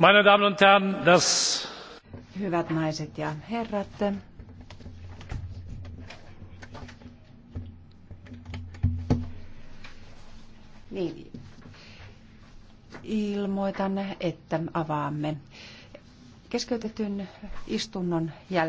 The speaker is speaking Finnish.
Meine Damen und Herren, das Hyvät naiset ja herrat, niin, ilmoitan, että avaamme keskeytetyn istunnon jälleen.